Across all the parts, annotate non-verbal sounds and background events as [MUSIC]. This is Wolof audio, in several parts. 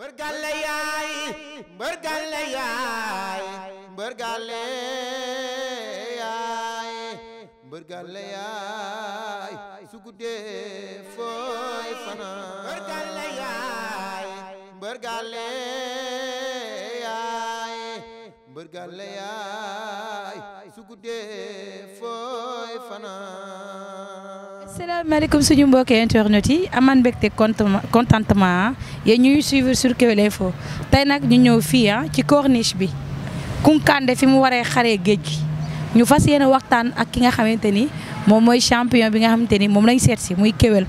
mbër gàlle yaay mbër gàlle fanaan mbër gàlle yaay asalaamaaleykum suñu mbokki internet yi amaan mbégte contentement yéen ñuy suivre sur Kewel Info tey nag ñu ñëw fii ah ci corniche bi Kounkandé fi mu waree xaree géej gi ñu fas yéene waxtaan ak ki nga xamante ni moom mooy champion bi nga xamante ni moom lañ seet si muy kéwél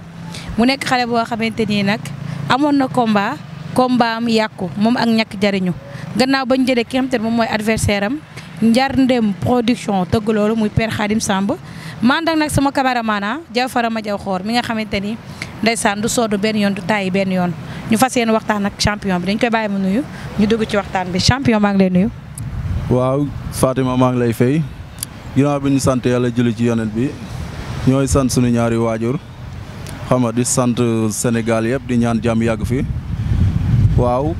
mu nekk xare boo xamante ni nag amoon na combat combat am yàqu moom ak ñàkk jariñu gannaaw ba bañ jëlee ki nga xam te ne moom mooy adversaire am Ndiar Ndem production tëgg loolu muy père Khadim Samb man nag sama caméraman ah Diafara ma jaw xoor mi nga xamante ni ndeysaan du soodu benn yoon du tàyyi benn yoon ñu fas yéene waxtaan ak champion bi dañ koy bàyyi mu nuyu ñu dugg ci waxtaan bi champion maa ngi lay nuyu. waaw Fatima maa ngi lay fay ginnaaw bi ñu sant yàlla julli ci yonent bi ñooy sant suñu ñaari waajur xam nga di sant Sénégal yëpp di ñaan jàmm yàgg fi waaw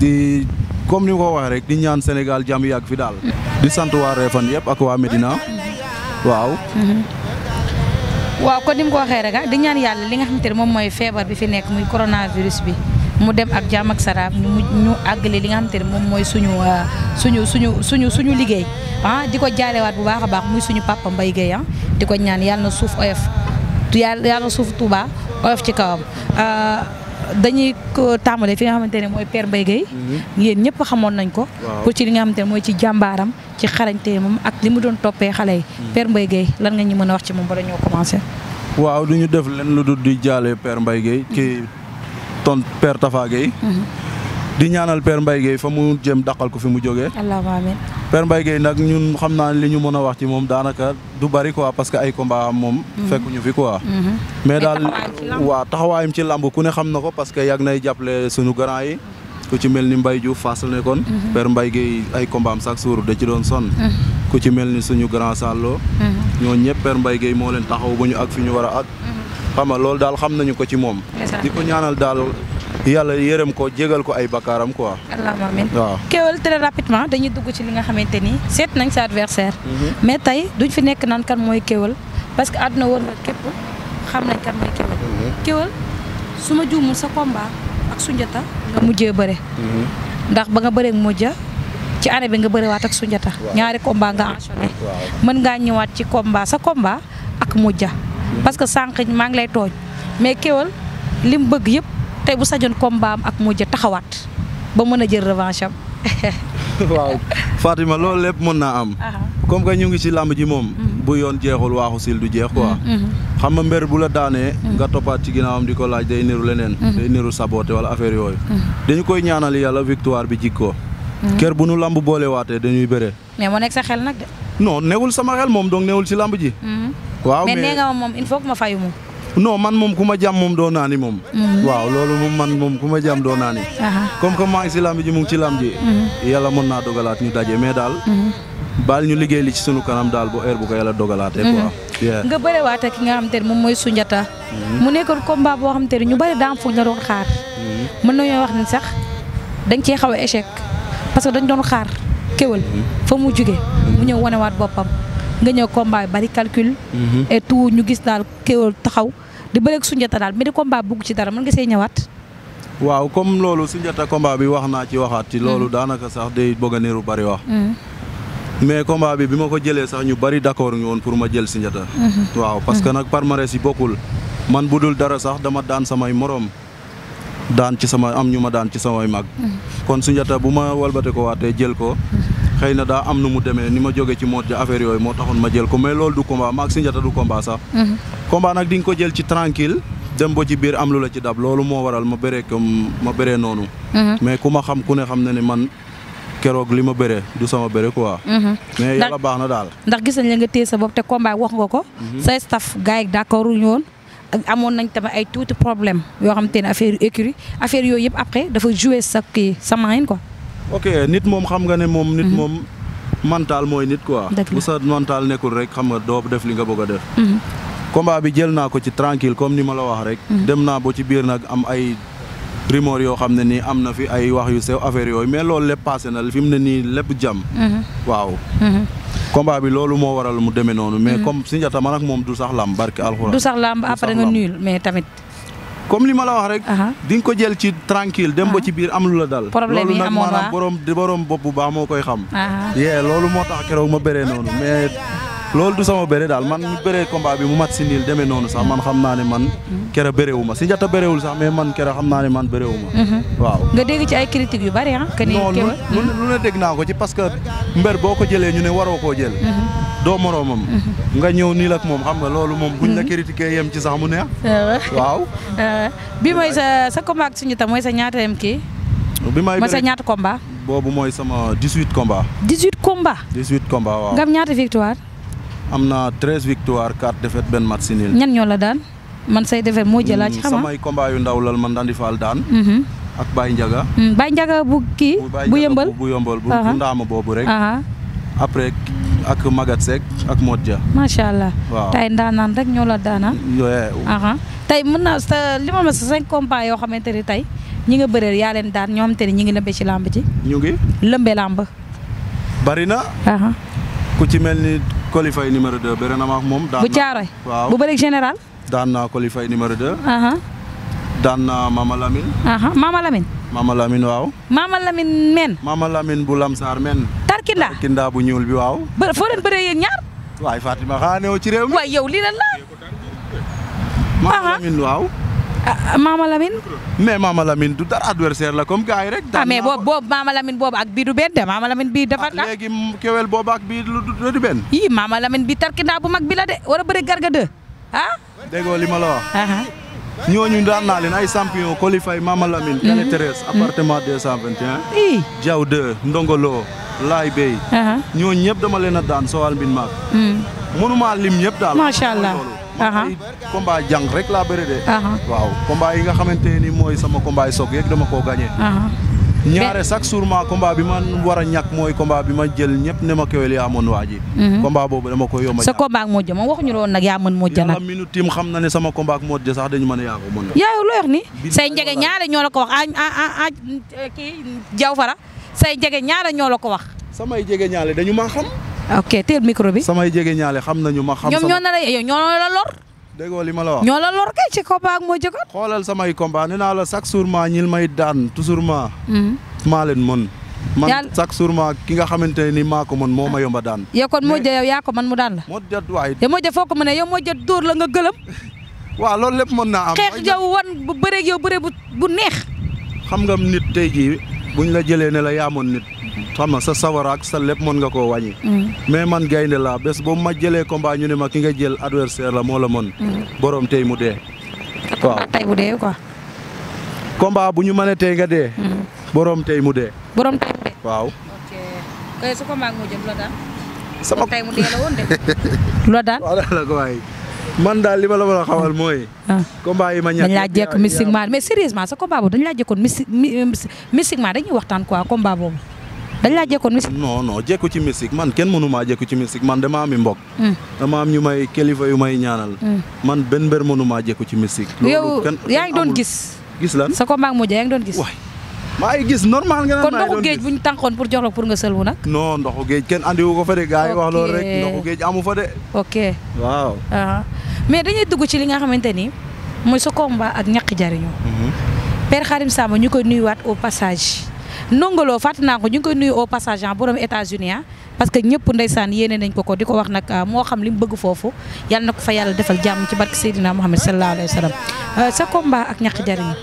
di. comme ni ko waxee rek di ñaan Sénégal jàmm yàgg fi daal. di sant waa Réfane yëpp ak waa Medina waaw. waaw kon ni mu ko waxee rek ah di ñaan yàlla li nga xamante ne moom mooy feebar bi fi nekk muy coronavirus bi mu dem ak jàmm ak saraab ñu ñu àggale li nga xamante ne moom mooy suñu ah, suñu suñu suñu suñu liggéey ah di ko jaalewaat bu baax a baax muy suñu papa Mbaye Guèye ah di ko ñaan yàlla na suuf oyof yàlla suuf Touba oyof ci kawam. Ah, dañuy tàmbalee fi nga xamante ne mooy Père Mbaye Gueye mhm. yéen ñëpp xamoon nañ ko pour ci li nga xamante ne mooy ci jàmbaaram ci xarañte moom ak li mu doon toppee xale yi mhm. per Mbaye Gueye lan nga ñu mën a wax ci moom bala ñoo commencé waaw du ñu def leen lu dul di jaale per Mbaye Gueye kii mhm. ton per Tafa Gueye di ñaanal Père Mbaye Gueye fa mu jëm daqal ko fi mu jógee allahumma amiin Père Mbaye Guèye nag ñun xam naa li ñu mën a wax ci moom daanaka du bari quoi parce que ay combat moom moom. ñu fi quoi. Mhm. mais daal waaw taxawaayam ci lamb ku ne xam na ko parce que yàgg nay jàppale suñu grand yi. ku ci mel ni Mbaye Diouf Fass la nekkoon. Mhm. Père Mbaye Guèye ay combat am chaque da ci doon sonn. Mhm. ku ci mel ni suñu grand Sallo. ñoo ñëpp Père Mbaye Guèye moo leen taxaw ba ñu ak fi ñu war a ak. xam nga loolu daal xam nañu ko ci moom. di ko ñaanal daal yàlla yërëm ko jégal ko ay bakkaaram ko allahumma amiin waaw. Keweul très rapidement dañuy dugg ci li nga xamante nii seet nañ sa adversaire. Mhm. mais tey ñu fi nekk naan kan mooy kéwél parce que àdduna woon na képp xam nañ kan mooy Keweul. Mhm. su ma juumul sa combat ak Sunjata nga mujjee bëre. Mhm. ndax ba nga bëree mujja ci année bi nga waat ak Sunjata. ñaari combat nga enchaîné. mën ngaa ñëwaat ci komba sa combat ak mujja. parce que sànq maa ngi lay tooñ mais Keweul li mu bëgg yëpp. tey bu sañoon combat am ak moo jë taxawaat ba mën a jël revanche am. [LAUGHS] waaw Fatima loolu lépp mën naa am. comme que ñu ngi ci làmb ji moom. Mm. bu yoon jeexul waaxu sil du jeex quoi. Mm, mm. xam nga mbër bu la daanee. nga toppaat ci ginnaawam di ko laaj day niru leneen. day niru saboté wala affaire yooyu. dañu koy ñaanal yàlla victoire bi jikkoo. kër bu nu làmb boolewaatee dañuy bëre. mais moo nekk sa xel nag de. non newul sama xel moom donc newul ci làmb ji. waaw nee nga non man moom ku ma jàmm moom doo naa ni moom. Mm-hmm. waaw loolu moom man moom ku ma jàmm doo naa ni. Uh-huh. comme que maa ngi si làmb ji mu ngi ci làmb ji. Mm-hmm. yàlla mën naa dogalaat ñu daje mais daal. Mm-hmm. baal ñu liggéey li ci sunu kanam daal bu heure bu ko yàlla dogalaatee quoi. nga bëriwaat ak ki nga xamante ne moom mooy Sunjata. mu nekkoon combat boo xamante ne ñu bëri daam foog na doon xaar. mën nañoo wax ni sax dañ cee xaw a échec parce que dañ doon xaar kéwal fa mu jugee mu ñëw wanewaat boppam. nga ñëw combat bari calcul. Mhm. et tout ñu gis daal Kéweul taxaw di bëreeg Sunjata daal mais di combat bugg ci dara mën nga see ñëwaat. waaw comme loolu Sunjata combat bi wax naa ci waxaat ci mhm. loolu daanaka sax day bëgg a niru bari wax. Mhm. mais combat bi bi ma ko jëlee sax ñu bari d'accord ñu woon pour ma jël Sunjata. waaw parce que nag palmarès yi bokkul man bu dul dara sax dama daan samay moroom. daan ci sama am ñu ma daan ci samay mag. kon Sunjata bu ma walbate ko waatee xëy na daa am nu mu demee ni ma jóge ci moot ja affaire yooyu moo taxoon ma jël ko mais loolu du combat maag Sindiata du combat sax mhm. combat nag di ko jël ci tranquille dem ba ci biir am lu la ci dab loolu moo waral ma bëree comme ma bëree noonu mhm. mais ku ma xam ku ne xam ne ni man keroog li ma bëree du sama bëre quoi. Mhm. mais yàlla baax na daal. ndax gis nga téye sa bopp te combat wax nga ko. say staff gars yi d'accord ñu woon ak amoon nañ tamit ay tuuti problème ok nit moom xam nga ne moom. nit mhm. moom mental mooy nit quoi. bu sa mental nekkul rek xam nga doo def li nga bëgg a def. Mhm. combat bi jël naa ko ci tranquille comme ni ma la wax rek. Mhm. dem naa ba ci biir nag am ay rumeur yoo xam ne nii am na fi ay wax yu sew affaire yooyu mais loolu lépp passé na fi mu ne nii lépp jàmm. waaw. combat bi loolu moo waral mu demee noonu. mais comme Sundiata man ak moom du sax làmb alxuraan. du sax làmb nga nuyul mais tamit. comme li ma la wax rek. di nga ko jël ci tranquille dem ba ci biir am lu la dal. problème yi amoo maanaam borom borom bopp moo koy xam. yee loolu moo tax keroog ma bëree noonu mais loolu du sama bëre daal man mu bëree combat bi mu mat si niil demee noonu sax man xam naa ne man. kere bëreewu ma si njata bëreewul sax mais man kere xam naa ne man bëreewu ma. Mhm. waaw nga dégg ci ay critiques yu bari ah. que lu ne dégg naa ko ci parce que mbër boo ko jëlee ñu ne waroo koo jël. Mhm. doo moroomam mhm. nga ñëw nii ak moom xam nga loolu moom buñ la mhm. critiqué yem ci sax mu neex waaw bi mooy sa sa combat ak suñu tam mooy sa ñaata ki kii bi mooy sa ñaata combat boobu mooy sama 18 combat 18 combat 18 combat waaw nga am ñaata victoire am na 13 victoire 4 défaite benn match nul ñan ñoo la daan man say défaite moo jëlaat ci mm, xam samay combat yu ndaw lal man daan di faal daan ak Baye Ndiaga mm, Baye Ndiaga bu kii bu yëmbal bu ndaama boobu rek ak Maguette Seck ak Modou Dia. macha allah waaw tey ndaanaan ñoo la daanaan. tey mën na sa li ma ma sa yoo xamante ni tey ñi nga bëreel yaa leen daan ñoo te ni ñi ngi lëmbee ci làmb ji. ñu ngi lëmbee làmb. bari na. ku ci mel ni qualifié numéro 2 bëri na ma moom. daan bu caaroy bu bëreeg général. daan naa qualifié numéro 2. daan naa uh, Mama Lamine. Mama Lamine. Mama Lamine waaw. Mama Lamine men. Mama Lamine bu Lamsaar men. Tarkinda Tarkinda bu ñuul bi waaw. ba foo leen bëree ñaar. waay yow lii lan la. Mama Lamine waaw. Ah, ah Mama Lamine. mais Mama du dara adversaire la comme gars rek. ah mais boobu boobu Mama Lamine ak bii du de Mama Lamine bii dafa. ah kewel boobu ak bii du du benn. yii Mama bii Tarkinda bu mag bi de war a bëri ah. déggoo li ma ñooñu daan naa leen ay champion qualifié Mama Lamine. Mhm. Kane Thérèse appartement mhm. 221. ii Diaw 2 Ndongolo Laay Bey. ñooñu ñëpp dama leen a daan sowal mbin maak. Mhm. mënuma lim ñëpp daal. macha allah ma ay combat rek laa bëri de. waaw combat yi nga xamante ni mooy sama combat yi soog yeeg dama koo gagné. ñaare chaque jour ma combat bi ma war a ñàkk mooy combat bi ma jël ñëpp ne ma Kewel yaa mën waa ji mhm. boobu dama ko yomb a sa combat ak Modja nag yaa mën Modja nag minute xam na ne sama combat ak sax dañu mën a yaa ko mën yaa loo wax ni say njege ñaare ñoo ko wax a kii jaw say njege ñaare ñoo ko wax samay jege ñaale dañu maa xam ok teel micro bi samay jege ñaale xam nañu ma xam ñoom ñoo na la yow ñoo la lor déggoo li ma la wax. ñoo la lor kay ci combat ak moo jëkkoon. xoolal samay combat naa la chaque jour ma ñil may daan toujours ma. Hmm. maa leen mën. man chaque jour ma ki nga xamante ni maa ko mën moo ma yomba daan. yow kon moo jë yow yaa ko man mu daan la. moo jë waay. te moo jë foo ko mënee yow moo jë dóor la nga gëlëm. [LAUGHS] waaw loolu lépp mën naa am. xeex yow wan bu bëreeg yow bëre bu bu neex. xam nga nit tey jii buñ la jëlee ne la yaa mën nit. xam nga sa sawara ak sa lépp mën nga koo wàññi. Mm. mais man gaynde laa bés boo ma jëlee combat ñu ne ma ki nga jël adversaire la moo la moon mm. boroom tey mu dee. waaw tey mu dee bu ñu mënee tey nga dee. Mm. boroom tey mu dee. borom tey dee. waaw. la daal. sama tey mu dee la [LAUGHS] ko waay man daal li ma la mën a xamal mooy. Ah. combat yi ma ñàkk dañ laa jekk mystiquement mais sérieusement sa combat boobu dañ laa jekkoon mystiquement dañuy waxtaan quoi combat boobu. dañ laa jékkoon musique. non non jékku ci musique man kenn mënu maa jékku ci musique man dama ami mbokk. Hmm. dama am ñu may kilifa yu may ñaanal. Hmm. man benn mbër mënu maa jékku ci musique. yow yaa ngi doon gis. gis lan sa combat ak Modou Dia yaa ngi doon gis. maa ngi gis normal nga naan kon ndoxu géej bu ñu pour jox pour nga sëlwu nag. non ndoxu géej kenn andiwu ko fa de gars yi wax loolu rek ndoxu géej amu fa de. ok waaw. Uh-huh. mais dañuy dugg ci li nga xamante ni mooy sa combat ak ñàkk jariñu. Mm-hmm. Père Khadim Samba ñu koy nuyuwaat au passage nongoloo fàtte naa ko ñu ngi koy nuyu au passage ah, borom États-Unis ah, parce que ñëpp ndeysaan yéene nañ ko ko di ko wax nag ah, moo xam li mu bëgg foofu yàlla na ko fa yàlla defal jàmm ci barke Seydina Mohamed sallallahu alayhi wa sallam euh, sa combat ak ñàkk jariñu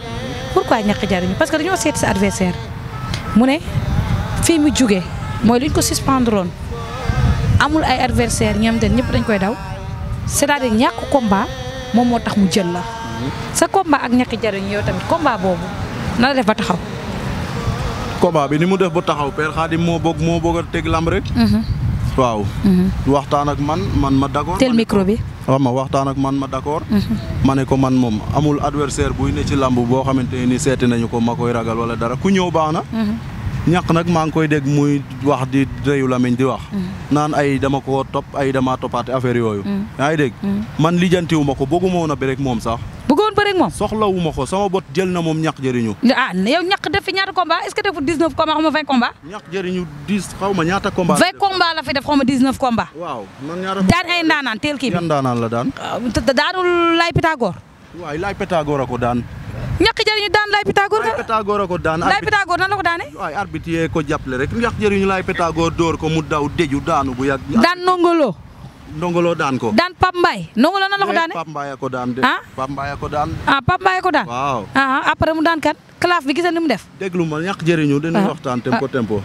pourquoi ñàkk jariñu parce que dañoo seeti sa adversaire mu ne fii mu jugee mooy luñ ko suspendroon amul ay adversaire ñoom ñëpp dañ koy daw cest à ñàkk combat moom moo tax mu jël la mhm. sa combat ak ñàkk jariñu yow tamit combat boobu na la def ba taxaw combat bi ni mu def ba taxaw Père Khadim moo bëgg moo bëgg a teg lamb rek. Mhm. waaw. Mhm. waxtaan ak man man ma d'accord. tel micro bi. xam waxtaan ak man ma d'accord. Mhm. ma ne ko man moom amul adversaire buy ne ci lamb boo xamante ni seeti nañu ko ma koy ragal wala dara ku ñëw baax na. ñàkk nag maa ngi koy dégg muy wax di réyu lamiñ di wax. naan ay dama ko topp ay dama toppaate affaire yooyu. yaa ngi dégg. man lijjantiwu ko bëgguma a bi rek moom sax. moom soxlawuma ko sama bot jël na moom ñàkk jëriñu ah yow ñàkk def fi ñaata combat est-ce que defu 19 jëriñu 10 xaw ma ñaata combat 20 combat la fi def xaw ma 19 combat waaw daan ay ndaanaan teel daan ah, daanul laay a daan ñàkk jëriñu daan laay Pythagore laay Pythagore ko daan laay Pythagore nan bu yàgg daan nongoloo ndongolo daan ko. daan Pape Mbaye ndongolo nan la ko eh, daane. Pape Mbaye ko daan de. ah Pape Mbaye ko daan. ah Pape Mbaye ko daan. waaw ah, ah après mu daan kat claf bi gis ni mu def. déglu ma ñàkk jëriñu dañuy ah. waxtaan tempo ah. tempo.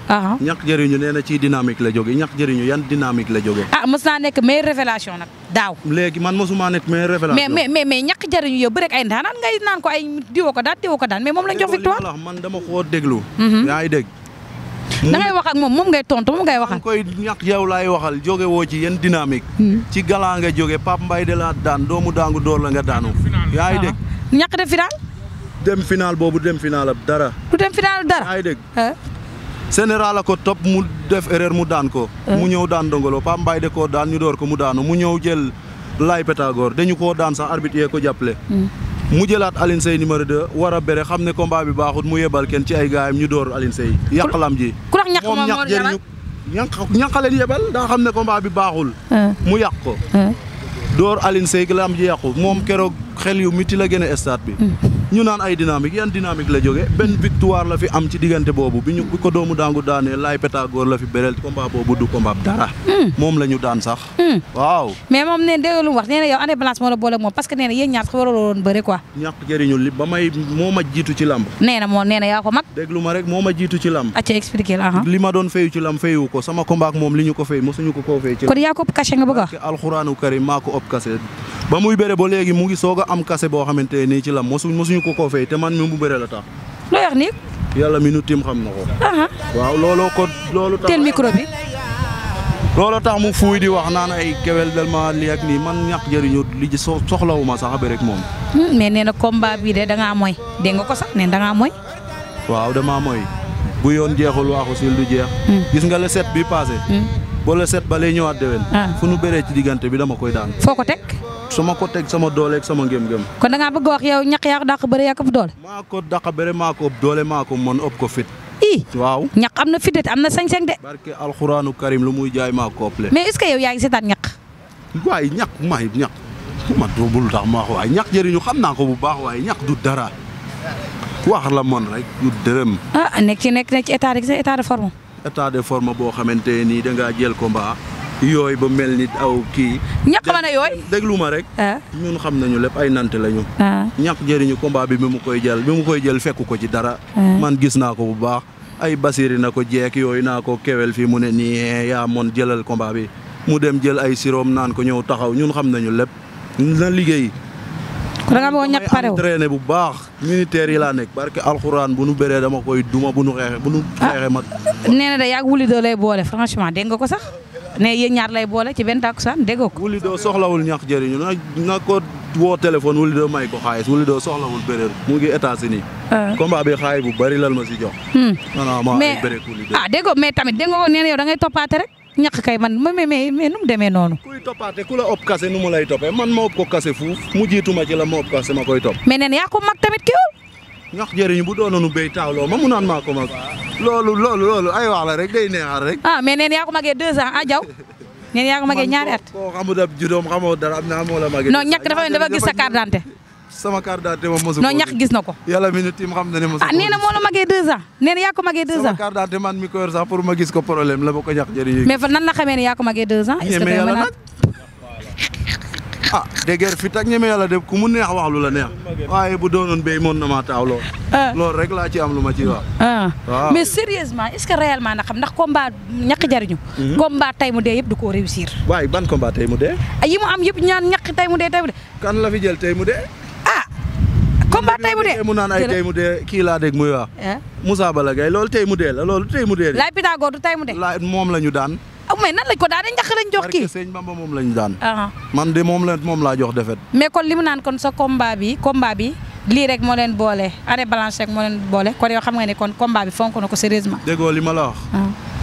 ñàkk jëriñu nee ci dynamique la jóge ñàkk jëriñu yan dynamique la jóge. ah mos naa nekk meilleure révélation nag daaw. léegi man mosuma nekk meilleure révélation. mais mais mais ñàkk jëriñu yow bëreeg ay ndaanaan ngay naan ko ay diwo ko daan diwo ko daan mais moom lañ jox victoire. man dama koo déglu. Mm-hmm. Hmm. da ngay wax ak moom moom ngay tontu moom ngay waxal. koy ñàkk yow laay waxal jóge woo ci yenn dynamique. Hmm. ci gala nga jóge Pape Mbaye de la daan doomu daangu door la nga daanu. yaa ngi ah. dégg ñàkk de final. dem final boobu dem final ab dara. du dem final dara yaa ko topp mu def erreur mu daan ko. mu ñëw daan dongolo Pape mbay de koo daan ñu door ko mu daanu mu ñëw jël lay Pythagore dañu ko daan sax arbitre yee ko jàppale. Hmm. mu jëlaat Alioune Seye numéro 2 war a bere xam ne combat bi baaxut mu yebal kenn ci ay gaayam ñu door Alioune Seye yàq lam ji moom ñàq jëriñu ñàq leen yebal daa xam ne combat bi baaxul mu yàq ko door Alioune Seye lam ji yàqu moom keroog xel yu miti la gën a stade bi ñu naan ay dynamique yan dynamique la jógee benn victoire la fi am ci diggante boobu bi ñu bi ko doomu daangu daanee laay pétagore la fi bereel combat boobu du combat dara. Hmm. moom la ñu daan sax. Hmm. waaw mais moom nee na lu mu wax nee na yow balance moo la boole moom parce que nee na ñaar sax waraloon bëri quoi. ñàkk jëriñu li ba may moo ma jiitu ci lamb. nee na moo yaa ko mag. déglu rek moo ma jiitu ci lamb. acca expliqué li ma doon fayu ci lamb ku ko fay te man mi mu bëre la tax. loo yor nii. yàlla mi nu tim xam na ko. waaw looloo ko loolu. tax teel micro bi. looloo tax mu fuuy di wax naan ay kewel del ma lii ak nii man ñàkk jëriñu li ji soxlawu ma sax a bëre moom. Hmm, mais nee na combat bii de da ngaa mooy dégg nga ko sax nee da ngaa waaw damaa mooy. bu yoon jeexul waaxu sil du jeex. Hmm. gis nga la set bi passé. Hmm. ba le set ba lay ñëwaat déwén. Ah. fu nu bëree ci diggante bi dama koy daan. foo ko teg. su ma ko teg sama doole ak sama ngëm-ngëm. kon da bëgg wax yow ñaq yaa ko dàq bëre yaa ko ëpp doole. maa ko dàq bëre maa ko ëpp doole maa ko mën ëpp ko fit. i waaw ñaq am na fit de am na sañ-sañ de. barke alxuraanu karim lu muy jaay maa ko ëppale. mais est-ce que yaa ngi seetaan ñaq. waaye ñaq maay ñaq ma dóobul tax ma waaye ñaq jëriñu xam naa ko bu baax waaye ñaq du dara wax la moon rek du dërëm. ah nekk ci nekk na ci état de état de forme. état de forme boo xamante nii da ngaa jël combat yooyu ba mel ni aw kii. ñàkk mën a yooyu déglu ma rek. Ah. ñun xam nañu lépp ay nant lañu. Ah. ñàkk jëriñu combat bi bi mu koy jël bi mu koy jël fekku ko ci dara. Ah. man gis naa ko bu baax ay basiri na ko jeek yooyu na ko kewel fi mu ne nii eh, yaa moon jëlal combat bi mu dem jël ay siroom naan ko ñëw taxaw ñun xam nañu lépp na liggéey. da nga bëggoon bu baax. militaire yi laa nekk barke alxuraan bu nu béree dama koy duma bu nu xeexee bu nu xeexee mag. nee wuli doo boole franchement dégg nga ko sax. ne ñaar lay boole ci benn tàkkusaan déggoo ko. wuli doo soxlawul ñax jëriñu na na ko woo téléphone wuli doo may ko xaalis wuli doo soxlawul béréer mu ngi États-Unis. Euh. combat bi xaalis bu bari lan ma si hmm. ah, da ngay toppaate rek. ñàkk kay man ma mais mais mais nu mu demee noonu. kuy toppaate ku la ëpp kase nu mu lay toppee man ma ëpp ko kase fuuf mu jiitu ma ci la ma ëpp kase ma koy topp. mais nee yaa ko mag tamit kiiwul. ñax jëriñu bu doonoonu béy taawloo ma mu naan maa ko mag loolu loolu loolu ay wax la rek day neexal rek. ah mais neen yaa ko magee deux ans ah jaw neen yaa ko magee ñaari at. koo xamul ab judoom xamoo dara am naa moo la magee. non ñàkk dafa dafa gis sa carte d'identité. sama carte d'identité moom mosu. non ñàkk gis na ko. yàlla mi nu tiim xam na ne mosu. ah nee na moo la magee deux ans nee na yaa ko magee deux ans. sama carte d'identité man mi ko yor sax pour ma gis ko problème la ba ko ñàkk jëriñu. mais fa nan la xamee ne yaa ko magee deux ans. est-ce que ah déger fit ak ñeme yàlla de ku mu neex wax lu la neex waaye bu doonoon béy moon na maa taaw lool. rek laa ci am lu ma ci wax. waaw mais sérieusement est ce que réellement na xam ndax combat ñàkk jariñu. combat tay mu dee yëpp du ko réussir. waaye ban combat tay mu dee. yi mu am yëpp ñaan ñàkk tay mu dee tay mu dee. kan la fi jël tay mu dee. ah. combat tay mu dee mu mu dee kii laa dégg muy wax. Moussa Balla Gaye loolu tay mu dee la loolu mu dee. laay Pythagore mu dee. moom la ñu daan. may nan lañ ko daal dañ njaqalañ jox kii sëñ Bamba moom lañ daan ah. man de moom la moom laa jox defet mais kon li mu naan kon sa combat bi combat bi lii rek moo leen boole année blanche rek moo leen boole kon yow xam nga ne kon combat bi fonk na ko sérieusement déggoo li ma la wax ah.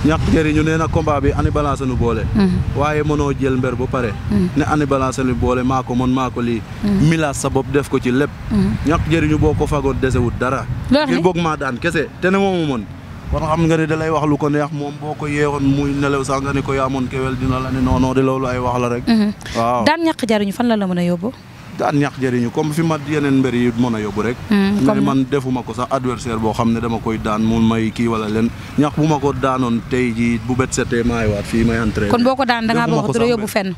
ñàkk jëriñu nee na combat bi année blanche nu boole mm-hmm. waaye mënoo jël mber ba pare mm-hmm. ne année blanche boole maa ko mën lii mm-hmm. milaas sa def ko ci lépp ñàkk jëriñu boo ko fagoon desewut dara ngir boog maa daan kese te ne moomu mën war xam nga ne da lay wax lu ko neex moom boo ko yeewoon muy nelaw sax nga ne ko yaamoon kewel dina la ne non non wax la rek. Mhm. daan ñàkk jariñu fan la la mën a yóbbu. daan ñàkk jariñu ma yeneen mbër yi a yóbbu rek. Mhm, mais ko sax adversaire boo xam ne dama koy daan mu may kii wala leen ñax bu ma ko daanoon tey jii bu bet setee maay waat fii may entraîné. kon boo ko daan da ngaa wax dara yóbbu fenn.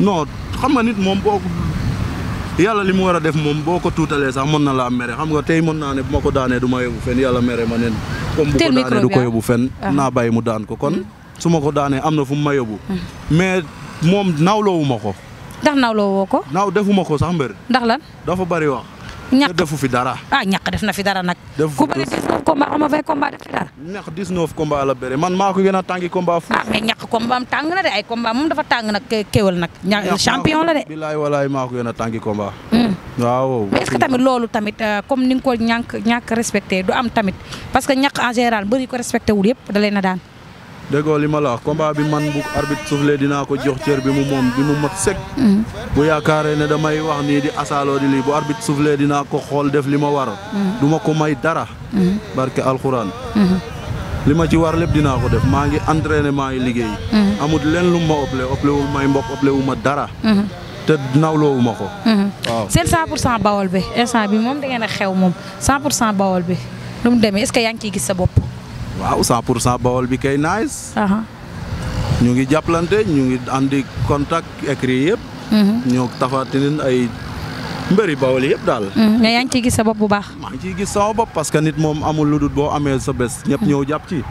non xam nga nit moom yàlla li mu war a def moom boo ko tuutalee sax mën na laa mere xam nga tey mën naa ne bu ma ko daanee du ma yóbbu fenn yàlla mere ma neen comme bu ko daanee du ko ah. yóbbu fenn ah. naa bàyyi mu daan ko kon mm. su ma ko daanee am na fu mu ma yóbbu mm. mais moom nawloowu ko ndax nawloo woo ko naaw defuma ko sax mbër ndax lan dafa bari wax ñàkk defu fi dara. ah ñàkk def na fi dara nag. defu ku bëri 19 combats xam nga 20 combats def fi dara. ñàkk 19 combats la bëre man maa ko gën a tàngi combat fu. ah mais ñàkk combat am tàng na de ay combat moom dafa tàng nag kéwal nag. ñàkk champion la de. bilaay walaay maa ko gën a tàngi combat. Hmm. waaw. mais est-ce que tamit loolu tamit euh, comme ni nga ko ñàkk ñàkk respecté du am tamit parce que ñàkk en général bëri ko respecté wul yëpp da leen a daan. déggoo li ma la wax combat bi man bu arbitre soufflé dinaa ko jox cër bi mu moom bi mu mat sëkk. bu yaakaaree ne damay wax nii di asaaloo di lii bu arbitre soufflé dinaa ko xool def li ma war. du ko may dara. barke alxuraan. li ma ci war lépp dinaa ko def maa ngi entraîné maa liggéey. amut leen lu ma ëppale ëppale wu may mbokk ëppale wu ma dara. te nawloowu ma ko. waaw seen 100 pour cent bawol bi instant bi moom xew moom 100 pour cent bi lu mu demee est ce yaa ngi ciy gis sa bopp. waaw 100 pour cent Bawol bi kay nice. ñu ngi jàppalante ñu ngi andi contact écrit yëpp. Mhm. ñoo tafatinin ay mbëri Bawol yëpp daal. Mhm. mais yaa ngi ciy gis sa bopp bu baax. maa ngi ciy gis sama bopp parce que nit moom amul lu dul boo amee sa bés. ñëpp mhm. ñëw jàpp ci.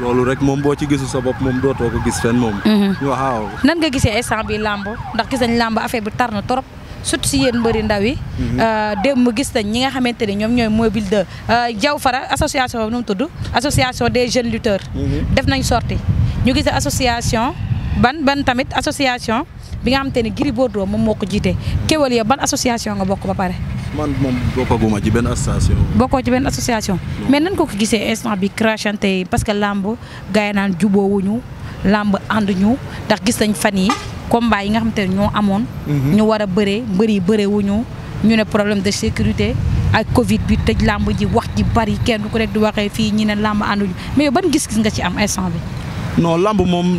loolu rek moom boo ci gis sa bopp moom dootoo ko gis fenn moom. waaw. nan nga gisee instant bi làmb ndax gis nañ làmb affaire bi tar na trop. surtout si yéen mbëri ndaw yi. Mhm. Euh, démb gis nañ ñi nga xamante ni ñoom ñooy mobile de Jaw euh, Fara association bi nu mu tudd association des jeunes lutteurs. Mhm. def nañ sorti ñu gis association ban ban tamit association bi nga xamante ni Gris Bordeaux moom moo ko jiite kéwal ya ban association nga bokk ba pare. man moom bokkaguma ci benn association. bokkoo ci benn association. mais nan ko ko gisee instant bi crachante yi parce que làmb gars yi naan jubóowuñu làmb ànduñu ndax gis nañ fan yi combat yi nga xam ne ñoo amoon. Mhm. ñu war a bëree yi bëree wuñu ñu ne problème de sécurité ak Covid bi tëj làmb ji wax ji bari kenn du ko rek di waxee fii ñi ne làmb ànduñu mais ban gis-gis nga ci am instant non làmb moom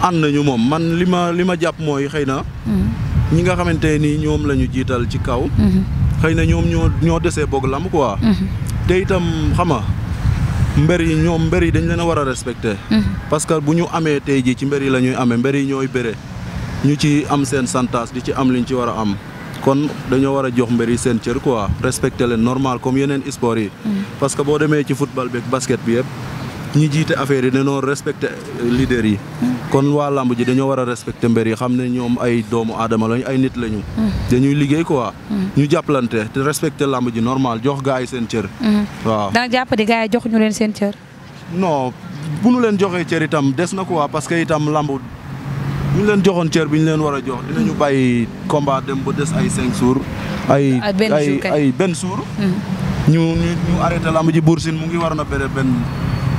ànd nañu moom man li ma li ma jàpp mooy xëy na. Mhm. ñi nga xamante ni ñoom la ñu jiital ci kaw. Mhm. xëy na ñoom ñoo ñoo desee boog làmb ko te itam xama mbër yi ñoom mbër yi dañ leen a war a respecté. parce que bu ñu amee tey jii ci mbër yi la ñuy amee mbër yi ñooy bëre. ñu ci am seen santaas di ci am liñ ci war a am kon dañoo war a jox mbër yi seen cër quoi respecté leen normal comme yeneen sport yi. Mm. parce que boo demee ci football bi ak basket bi yëpp ñi jiite affaire yi dañoo respecté euh, leader yi. Mm. kon waa làmb ji dañoo war a respecté mbër yi xam ne ñoom ay doomu aadama lañ ay nit lañu. Mm. dañuy liggéey quoi. ñu jàppalante te respecté làmb ji normal jox gaa yi seen cër. waaw dana jàpp di gaa yi jox ñu leen seen cër. non bu nu bu ñu leen joxoon cër bi ñu leen war a jox dinañu bàyyi combat dem ba des ay cinq jours. ay ah, ay ay benn jour. Hmm. ñu ñu ñu arrêté lamb ji Bour Sine mu ngi waroon a bëre benn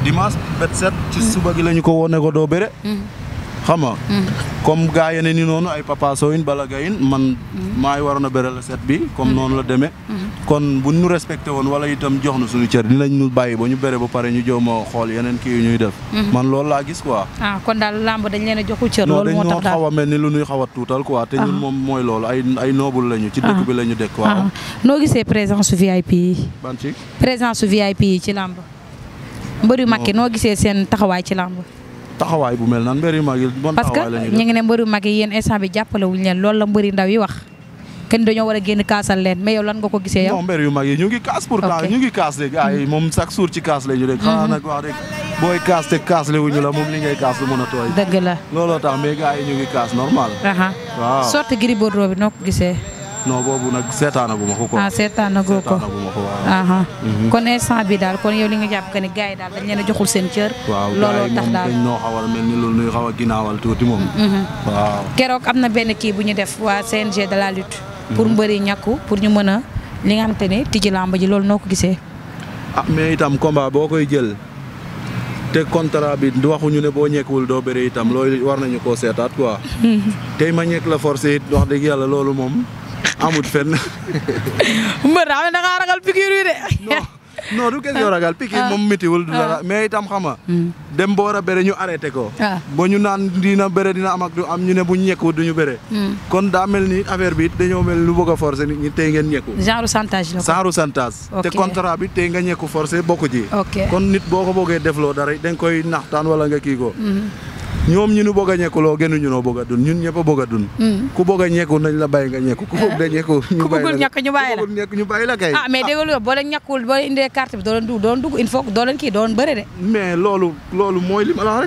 dimanche bet ci hmm. suba gi la ñu ko wone ko doo bëre. Hmm. xam comme gaa yi ne ni noonu ay Papa Sow in Balla Gaye in man maay waroon a bëral set bi comme mm-hmm. noonu la demee mm-hmm. kon bu ñu respecté woon wala itam jox na suñu cër dinañ ñu bàyyi ba ñu bëre ba pare ñu jooma xool yeneen kii ñuy def mm-hmm. man loolu laa gis quoi ah kon daal làmb dañ leen a joxu cër loolu moo tax daal lu ñuy xaw a tuutal quoi ah. moom mooy loolu ay ay noobul lañu ci ah. dëkk bi la ñu dëkk waaw ah. noo gisee présence su VIP yi ban ci présence su VIP yi ci làmb mbër yu mag yi noo gisee seen taxawaay ci làmb taxawaay bu mel nan mbëri mag yi parce que ñu ngi ne mbëri mag yi yéen instant jàppale wuñ leen loolu la mbëri ndaw wax kenn dañoo war a génn kaasal leen mais yow lan nga ko gisee yow non yu mag ñu ngi kaas pourtant ñu ngi kaas de gars yi moom chaque jour ci kaas la ñu de nag wax rek booy kaas te kaas le wuñu la moom li ngay kaas lu mën a tooy dëgg la looloo tax mais gars yi ñu ngi kaas normal waaw sorte Gris Bordeaux noo ko gisee non boobu nag seetaanagu ma ko quoi. ah seetaanagoo ko seetaanagu ko waaw. Mhm. kon instant bi daal kon yow li nga jàpp que ni gars yi daal dañ leen a joxul seen cër. looloo tax daal waaw gars xaw a ginaawal tuuti moom. Mhm. waaw keroog am na benn kii bu ñu def waa CNG de la lutte. Mhm. pour mbëri ñàkku pour ñu mën a li nga ni ne tijji làmb ji loolu noo ko gisee. ah mais itam combat boo koy jël. te contrat bi waxuñu ne boo ñekkul doo bëre itam loolu war nañu koo seetaat quoi. tey ma ñekk la forcé it wax dëgg yàlla loolu moom. amut fenn. mbër daa mel da ngaa ragal piqûre yi de. non du question ragal piqûre moom méttiwul du ah. dara mais itam xam nga hmm. dem boor a bëre ñu arrêté ko. Ah. boo ñu naan dina bëre dina am ak du am ñu ne bu ñu ñekku du ñu hmm. kon daa mel ni affaire bi dañoo mel lu bëgg a forcer nit tey ngeen ñekku. genre chantage la ko genre chantage. te contrat bi tey nga ñekku forcer bokku ji. kon nit boo ko bëggee defloo dara da koy koy taan wala nga kii ko. Hmm. ñoom ñu nu bëgg a ñekkuloo gënuñu noo bëgg a dun ñun ñëpp a bëgg a dun hmm. ku a ñekku nañ la bàyyi nga ñekku ku bëgg da ñekku ñu bàyyi la ku bëggul la kay ah mais dégg nga boo leen ñàkkul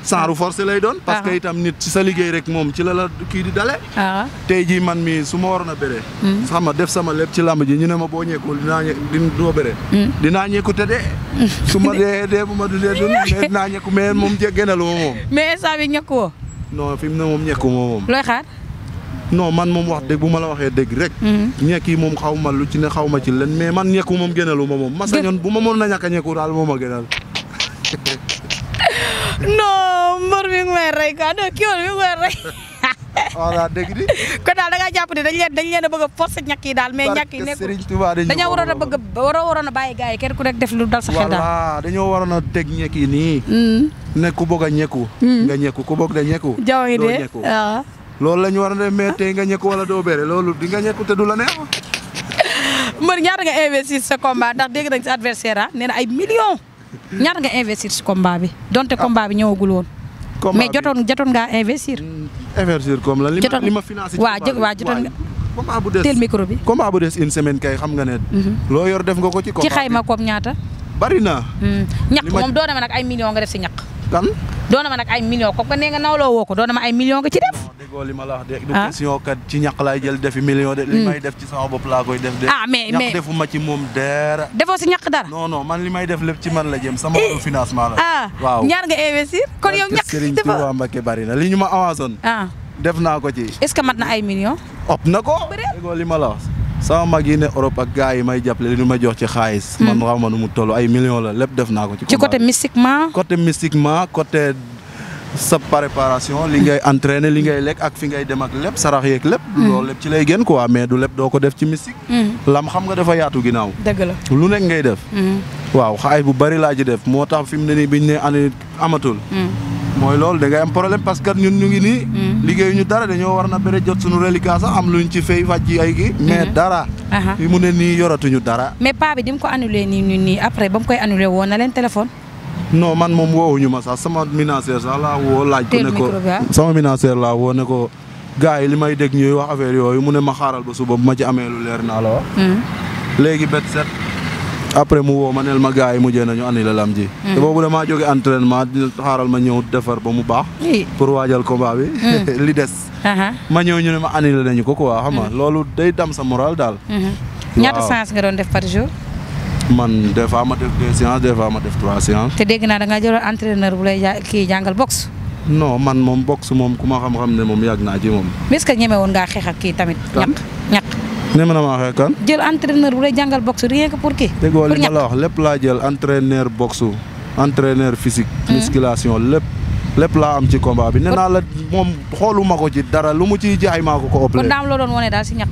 kii doon parce que ah. itam nit sa liggéey rek moom ci la la kii di dale ah. tey jii man mi su ma waroon a béree xam hmm. nga def sama lépp ci làmb ji ñu ne ma boo ñekkul dinaa din duma béree hmm. dinaa ñekku te dee su ma dee dee bu ma du dee dun mais na ñekku mais moom jéggénalu ma moom [LAUGHS] ñàkkuwoo. non fi mu ne moom ñekku ma moom. looy xaar. non man moom wax dëgg bu ma la waxee dëgg rek. Mm-hmm. ñekk yi moom xaw ma lu ci ne xaw ma ci len mais man ñekku moom gënalu ma moom. ma sañoon bu ma mënoon a ñàkk a ñekku daal moo [LAUGHS] ma mi ngi may rey quoi non mi ngi may [LAUGHS] [LAUGHS] voilà dégg di daal da ngaa jàpp ne dañ leen dañ leen a bëgg a forcer ñàkk yi daal mais ñàkk yi nekk dañoo waroon a bëgg a waroo a bàyyi gars yi kenn ku nekk def lu dal daal voilà dañoo teg ñekk nii hmm. ne ku bëgg a ñekku hmm. nga ñekku ku bëgg da ñekku [LAUGHS] jaw de ah. loolu lañu ñu waroon a def mais nga ñekku wala doo bére loolu di nga ñekku te du la neex [LAUGHS] mbër ñaata nga investir sa combat ndax dégg nañ sa ah, nee ay millions ñaata nga investir si combat bi donte ah. combat bi ñëwagul woon mais jotoon jotoon ngaa investir. investir comme lan li ma financé. waaw jë waaw jotoon nga. combat bu des teel micro bi. combat bu des une semaine kay xam nga ne. Mhm. loo yor def nga ko ci. combat bi ci xayma koom ñaata. bari na. Hmm. ñaq moom doon ma nag ay millions nga def si ñaq. kan doon na ma nag ay millions comme que nee nga nawloo woo ko doon na ma ay million nga ci def. déggoo li ma la wax de ah. du question kat ci ñaq laay jël defi million de li hmm. may def ci sama bopp laa koy def de ah mais mais ñaq defu ma ci moom dara defoo si ñaq dara non non man li may def lépp ci man la jëm sama eh, financement la ah waaw ñaar nga investir kon yow ñaq Sëriñ Tuubaa Mbakke bari na li ñu ma avançoon ah def naa ko ci est-ce que mat na ay million op na ko déggoo li ma la wax sama mag yi ne Europe ak gars yi may jàppale li ñu ma jox ci xaalis man hmm. xaw ma nu mu toll ay million la lépp def naa ko ci côté mystiquement côté mystiquement côté sa préparation li ngay entraîner li ngay lekk ak fi ngay dem ak lépp sarax yeeg lépp. Mm. loolu lépp ci lay gën quoi mais du lépp doo ko def ci mystique. Mm. lam xam nga dafa yaatu ginnaaw. Mm. waaw xaay bu bari laa def moo tax fi mu ne nii amatul. mooy loolu da am problème parce que ñu ngi nii. liggéeyuñu dara dañoo war na bëre jot suñu reliquat sax am luñ ci fay faj mais dara. fi mu ne nii yoratuñu dara. mais pa bi mu ko annulé nii nii après ba mu koy annulé woon na leen téléphone. non man moom woowuñu ma sax sama menaceur sax laa woo laaj ko ne ko ah. sama menaceur laa woo ne ko gars yi li may dégg ñuy wax affaire yooyu mu ne ma xaaral ba suba bu ma ci amee lu leer naa la wax hmm. léegi bet set après mu woo ma neel ma gars yi mujjee nañu andi la lam ji hmm. te boobu damaa jóge entraînement xaaral ma ñëw defar ba mu baax pour waajal ko bi hmm. [LAUGHS] li des uh-huh. ma ñëw ñu ne ma annulé nañu ko ko xam nga loolu day dam sa moral daal ñaata séance nga doon def par man des fois ma def deux séances des fois ma def trois séances. te dégg naa da nga jëloon entraîneur bu lay ja kii jàngal boxe. non man moom boxe moom ku ma xam-xam ne moom yàgg naa moom. mais est-ce que ñeme woon ngaa xeex ak kii tamit. ñaq ñaq. ñeme na maa xeex jël entraîneur bu lay jàngal boxe rien que pour kii. pour ñaq déggoo li la wax lépp laa jël entraîneur boxe entraîneur physique. Hmm. musculation lépp. lépp laa am ci combat bi nee naa la moom xooluma ko ci dara lu mu ciy jaay maa ko ko ëppale. kon daam loo doon wane daal si ñaq.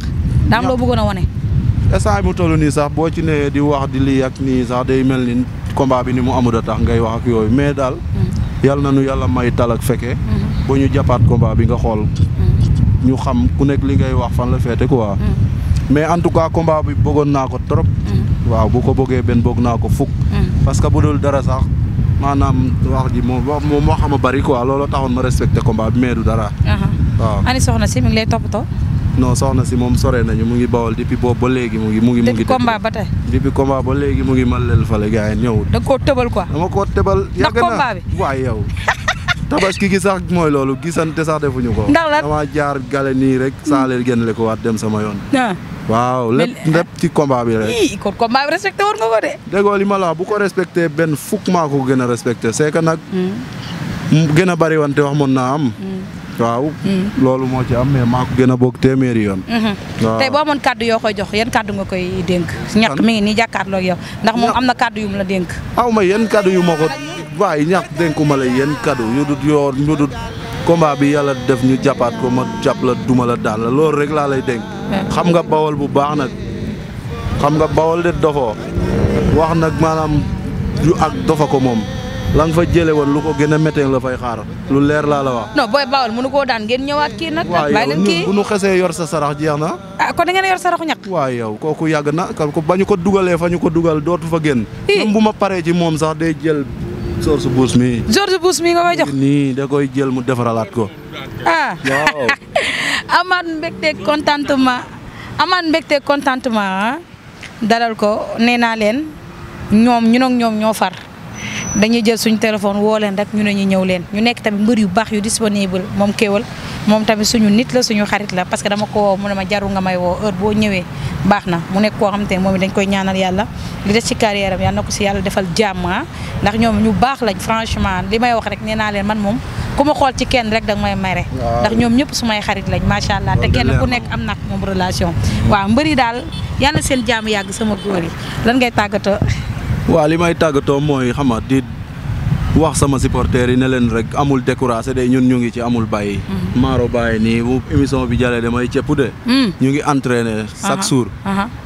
daam loo a wane. instant bi mu toll nii sax boo ci nee di wax di lii ak nii sax day mel ni combat bi ni mu amul a tax ngay wax ak yooyu mais daal. Mm. yàlla na nu yàlla may tal ak fekke mm-hmm. ba ñu jàppaat combat bi nga xool. Mm. ñu xam ku nekk li ngay wax fan la féete quoi. Mm. mais en tout cas combat bi bëggoon naa ko trop. waaw bu ko bëggee benn bëgg naa ko fukk. parce que bu dul dara sax maanaam wax ji moom wax moom moo xam a bari quoi looloo taxoon ma respecté combat bi mais du dara. Uh-huh. waaw ani soxna non soxna si moom sore nañu mu ngi bawal depuis boobu ba léegi mu ngi mu ngi mu ngi combat ba tey depuis combat ba léegi mu ngi malel fale gars yi ñëw da nga koo tëbal quoi dama koo tëbal yàgg na waay yow [LAUGHS] tabaski gi sax mooy loolu gisante sax defuñu ko dama jaar gale nii rek hmm. saalee gën le ko waat dem sama yoon ah. waaw lépp lépp ci combat bi rek kon combat bi respecté war nga ko de déggoo li ma la bu ko respecté benn fukk maa ko gën a respecté c'est que nag hmm. gën a bari wante wax mën naa am hmm. waaw. Mm. loolu moo ci am mais maa ko gën a bokk téeméeri yoon. Mm-hmm. waaw tey boo amoon kàddu yoo koy jox yan kàddu nga koy dénk. ñax mi ngi nii jàkkaarloo ak yow ndax moom am na kàddu yu mu la dénk. aw ma kàddu yu ma ko waaye ñax dénkuma la yenn kàddu yu dut yoo yu dut combat bi yàlla def ñu jàppaat ko ma jàpp la duma la daal la loolu rek laa lay dénk. xam nga bawol bu baax nag xam nga bawol de dofoo wax nag maanaam yu ak dofa ko moom. la nga fa jële woon lu ko gën a méttee la fay xaar lu leer laa la wax. non booy Bawol mënu koo daan ngeen ñëwaat kii nag. bàyyi leen kii waaw yow bu nu xesee yor sa sarax jeex na. ah kon da ngeen yor saraxu ñàkk. waaw yow kooku yàgg na ko ba ñu ko dugalee fa ñu ko dugal dootu fa génn. même bu ma paree ci moom sax day jël George Bush mi. George Bush mi nga koy jox nii da koy jël mu defaralaat ko. ah waaw. [LAUGHS] amaat mbégte contentement amaat mbégte ah. dalal ko ne naa leen ñoom ñun ak ñoom ñoo far. dañuy jël suñu téléphone woo leen rek ñu ne ñu ñëw leen ñu nekk tamit mbër yu baax yu disponible moom Kéwel moom tamit suñu nit la suñu xarit la parce que dama ko woo ma jaru nga may woo heure boo ñëwee baax na mu nekk koo xam te moom dañ koy ñaanal yàlla li des ci carrière am yàlla si yàlla defal jàmm ah. ndax ñoom ñu baax lañ franchement li may wax rek nee naa leen man moom ku ma xool ci kenn rek danga may mere ndax ñoom ñëpp sumay xarit lañ macha allah te kenn ku nekk am nak moom relation waaw mbëri daal yàlla seen jàmm yàgg sama góor yi lan ngay tàggatoo waaw li may tàggatoo mooy xam di wax sama supporters yi ne leen rek amul découragé de ñun ñu ngi ci amul bàyyi. Mhm. maaro bàyyi nii bu émission bi jàllee damay cëpp de. Hmm. ñu ngi entraîné chaque jour.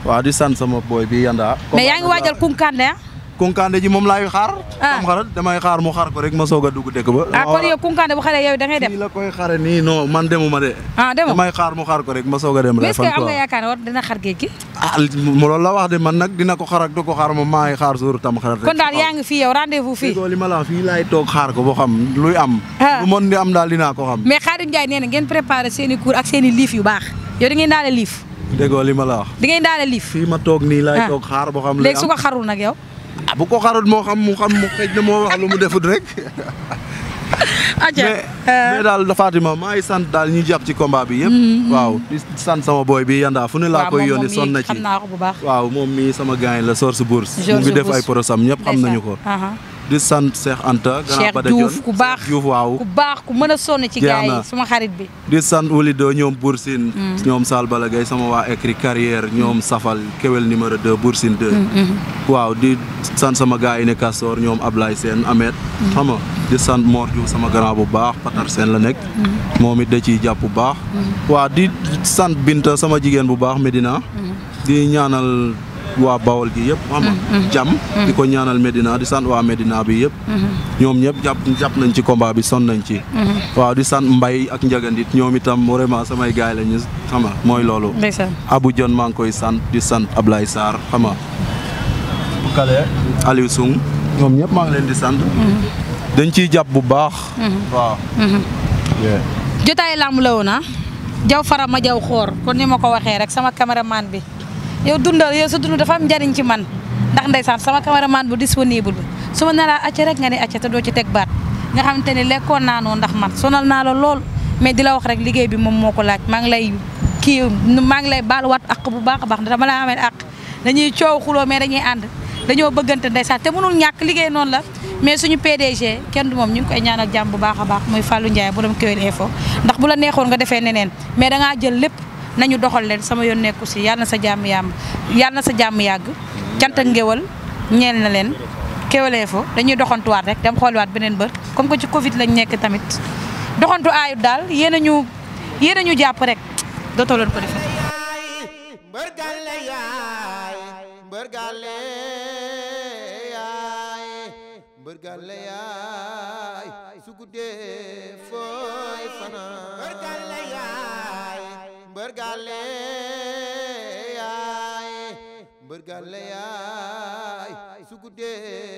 waaw di sant sama boy bi Yanda. mais yaa ngi waajal Koukandé ah? kunkaande ji moom laay xaar. ah xarat damay xaar mu xaar ko rek ma soog a dugg dëkk ba. ah kon yow kunkaande bu xaree yow da ngay dem nii la koy xare nii non man demuma de. ah demoo damay xaar mu xaar ko rek ma soog a dem. mais est-ce que am nga yaakaar war dina xar géej gi. ah loolu la wax de man nag dina ko xaar ak du ko xaar moom maa ngi xaar suur tam xarat. kon daal yaa ngi fii yow rendez-vous fii. déggoo li ma la wax fii laay toog xaar ko boo xam luy am. Ah. lu mën di am daal dinaa ko xam. mais Khadim Ndiaye nee na ngeen préparé seen i cours ak seen i liif yu baax yow da ngeen daal liif déggoo li ma la wax. di ngeen daal liif fii ma toog nii laay ah. toog xaar boo xam léegi su ko xarul nag yow Ah, bu ko xaroon moo xam mu xam mu xëj na moo wax lu mu defut rek. atia [LAUGHS] euh, mais daal Fatima maa ngi sant daal ñu jàpp ci combat bi yëpp. Mm-hmm. waaw di sant sama booy bi yanda fu ne laa koy yónni sonn na ci waaw moom mii sama gars la source bourse mu ngi def ay prosam ñëpp xam nañu ko. di sant Cheikh Anta. Cheikh ba ku baax Cheikh waaw. ku baax ku mën a sonn ci gars yi sama xarit bi. di sant Walido ñoom Boursine. Mm. ñoom Sall Balagay sama waa écrit carrière ñoom mm. Safal Kewel numéro 2 Boursine 2. Mm, waaw di sant sama gars yi ne Castor ñoom Ablaye Sène Amet xam nga di sant Mor bu baax Patar Sène la nekk. moom it da ci jàpp bu baax. waa di sant Binta sama jigéen bu baax Medina. di ñaanal. waa Bawol gi yëpp xam nga mm-hmm, mm-hmm. jàmm di mm-hmm. ko ñaanal Medina di sant waa Medina bi yëpp ñoom ñëpp jàpp jàpp nañ ci combat bi son nañ ci waaw di sant Mbay ak Njagandit ñoom itam vraiment samay gaay la ñu xam nga mooy loolu Abu Jon maa ngi koy sant di sant Ablaye Sarr xam ñëpp maa ngi leen di sant ciy jàpp bu baax waaw jotaay làmb la woon ah jaw farama kon ni ma ko waxee rek sama caméraman bi yow dundal yow sa dund dafa am njariñ ci man ndax ndeysaan sama cameraman bu disponible bi su ma naraa acca rek nga ne acca te doo ci teg baat nga xamante ne lekkoon naanoo ndax man sonal naa la lool mais di la wax rek liggéey bi moom moo ko laaj maa lay kii maa ngi lay baaluwaat ak bu baax a baax dama laa amee ak dañuy coow xuloo mais dañuy ànd dañoo bëggante ndeysaan te mënul ñàkk liggéey noon la mais suñu PDG kenn du moom ñu ngi koy ñaanal jàmm bu baax a baax muy Fallou Ndiaye borom Kewel Info ndax bu la neexoon nga defee neneen mais dangaa jël lépp nañu doxal leen sama yoon nekku si yàlla sa jàmm yàmm yàlla sa jàmm yàgg cant ak ñeel na leen kéwalee dañuy doxantuwaat rek dem xooliwaat beneen bër comme que ci Covid lañ nekk tamit doxantu aayut daal yéen a ñu a ñu jàpp rek dootoo ko defee. mbërgale yaay mbërgale yaay su guddee